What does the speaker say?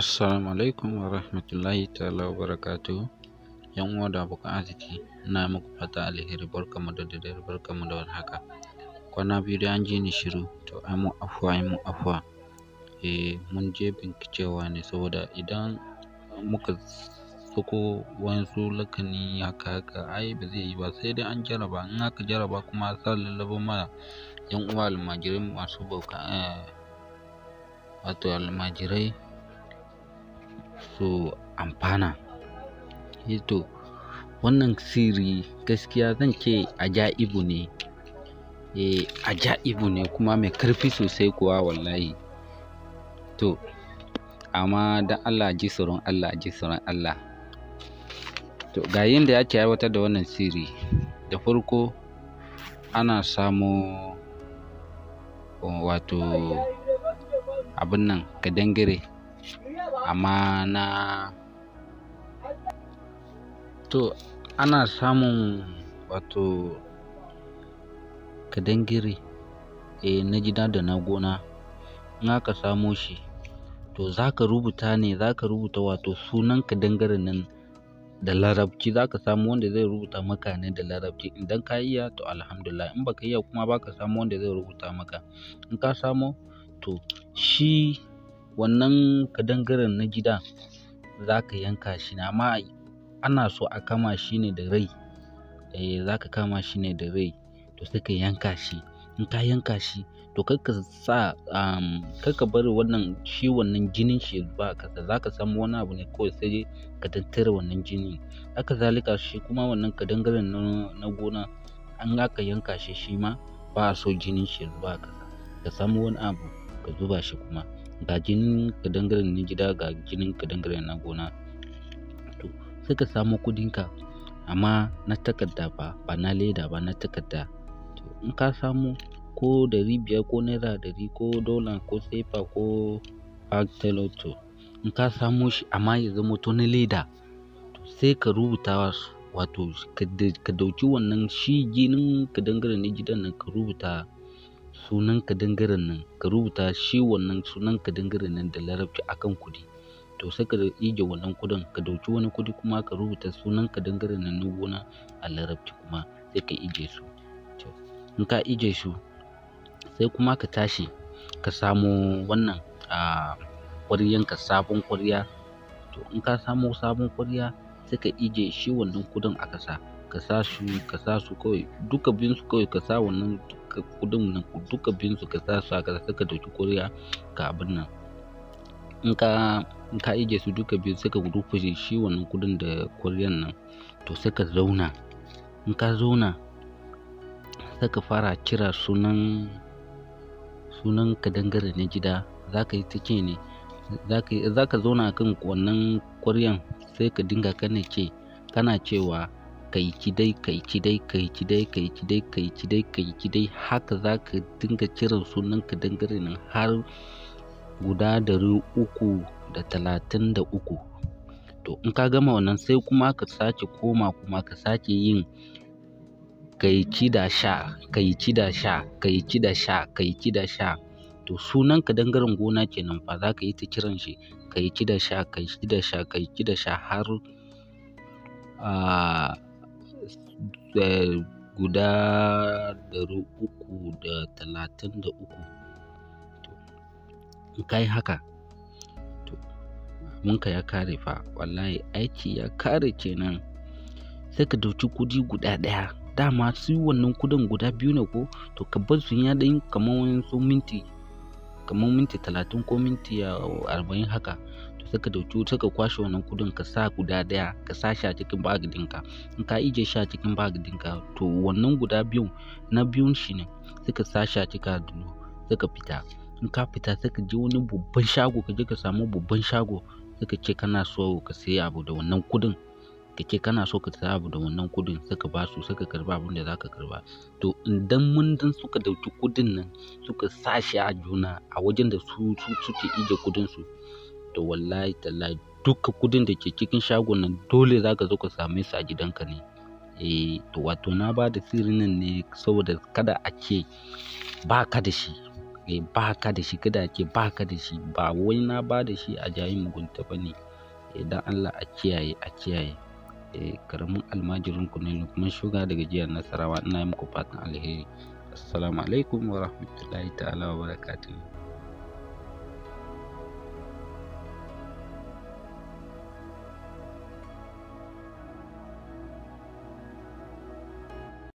Assalamu alaikum wa rahmatullahi ta'ala wa barakatuhu. Yan uwa da abokan arziki, ina muku fata alheri barkamu da dare da warhaka. Kwana biyu da an ni shiru to ai mu afwa ai afwa. Eh mun je binkicewa ne saboda idan muka sako wasu lakani haka haka ai ba zai yi ba sai dai an jaraba in aka jaraba kuma sa lallaba mana yan uwa almajirai masu bauka eh, wato almajirai su amfana eh to wannan sirri gaskiya zan ce ajaibu ne eh ajaibu ne kuma mai karfi sosai kuwa wallahi to amma dan Allah ji tsoron Allah ji tsoron Allah to ga yadda ake aiwatar da wannan siri da farko ana samo wato abin nan kadangare amma na to ana samun wato kadangiri eh, na gida da na gona in aka samo shi to za ka rubuta ne za ka rubuta wato sunan kadangaren nan da larabci za ka samu wanda zai rubuta maka ne da larabci idan ka iya to alhamdulillah in baka iya kuma baka samu wanda zai rubuta maka in ka samo to shi wannan kadangaren na gida za ka yanka shi ne amma ana so a kama shi ne da rai eh za ka kama shi ne da rai to sai ka yanka shi in ka yanka shi to kar ka sa um, kar ka bari wannan shi wannan jinin shi ba kasa za ka samu wani abu ne kawai sai ka tattara wannan jini haka zalika shi kuma wannan kadangaren na gona an aka yanka shi shi ma ba a so jinin shi zuba kasa ka samu wani abu ka zuba shi kuma ga jinin kadangaren na gida ga jinin kadangaren na gona to sai ka samo kudinka amma na takarda ba ba na leda ba na takarda to in ka samu ko dari biyar ko naira dari ko dola ko sefa ko to in ka samo shi amma ya zama to na leda to sai ka rubuta wato ka dauki wannan shi jinin kadangaren na gidan nan ka rubuta sunan kadangaren nan ka rubuta shi wannan sunan kadangaren nan da larabci akan kuɗi to sai ka ije wannan kuɗin ka dauki wani kuɗi kuma ka rubuta sunan kadangaren nan na gona a larabci kuma sai ka ije su in ka ije su sai kuma ka tashi ka samo wannan a ka sabon ƙwarya to in ka samo sabon ƙwarya sai ka ije shi wannan kuɗin a ƙasa ka sa shi ka sa su kawai duka biyun su kawai ka sa wannan kudin nan duka biyun su ka sa su haka sai ka dauki kuriya ka abin nan in ka in ka ije su duka bin sai ka rufe shi wannan kudin da kuriyan nan to sai ka zauna in ka zauna sai ka fara kira sunan sunan ka dangare na gida za ka yi ta ce ne za ka zauna kan wannan kuryan sai ka dinga kana ce kana cewa kai ki dai kai ki dai kai ki dai kai ki dai kai ki dai kai ki dai haka za ka dinga kiran sunan ka dangare nan har guda dari uku da talatin da uku to in ka gama wannan sai kuma ka sake koma kuma ka sake yin kaici da sha kaici da sha kaici da sha kaici da sha to sunan ka dangaren gona kenan fa za ka yi ta kiran shi kaici da sha kaici da sha kaici da sha har uh, Eh, guda ɗari uku da talatin da uku in ka yi haka to abinka ya kare fa wallahi aiki ya kare kenan sai ka dauki kudi guda ɗaya dama su wannan kudin guda biyu ne ko to ka bar su ya ɗin kamar wani minti kamar minti talatin ko minti arba'in haka saka dauki saka kwashe wannan kudin ka sa guda daya ka sa shi a cikin bag dinka in ka ije shi a cikin bag dinka to wannan guda biyun na biyun shi ne suka sa shi a cikin adunu suka fita in ka fita suka je wani babban shago ka je ka samu babban shago suka ce kana so ka sayi abu da wannan kudin ka ce kana so ka saya abu da wannan kudin suka ba su suka karba abin da zaka karba to idan mun dan suka dauki kudin nan suka sa shi a juna a wajen da su suke ije kudin su to wallahi tallahi duka kudin da ke cikin shagon nan dole za ka zo ka same su a gidanka ne eh to wato na ba da sirrin nan ne saboda kada a ce ba ka da shi eh ba ka da shi kada a ce ba ka da shi ba wai na ba da shi a jayin mugunta ba ne idan eh, Allah a kiyaye a kiyaye eh, karamin almajirin ku ne kuma shuga daga jihar nasarawa ina yi muku fatan alheri assalamu alaikum wa rahmatullahi ta'ala wa barakatuhu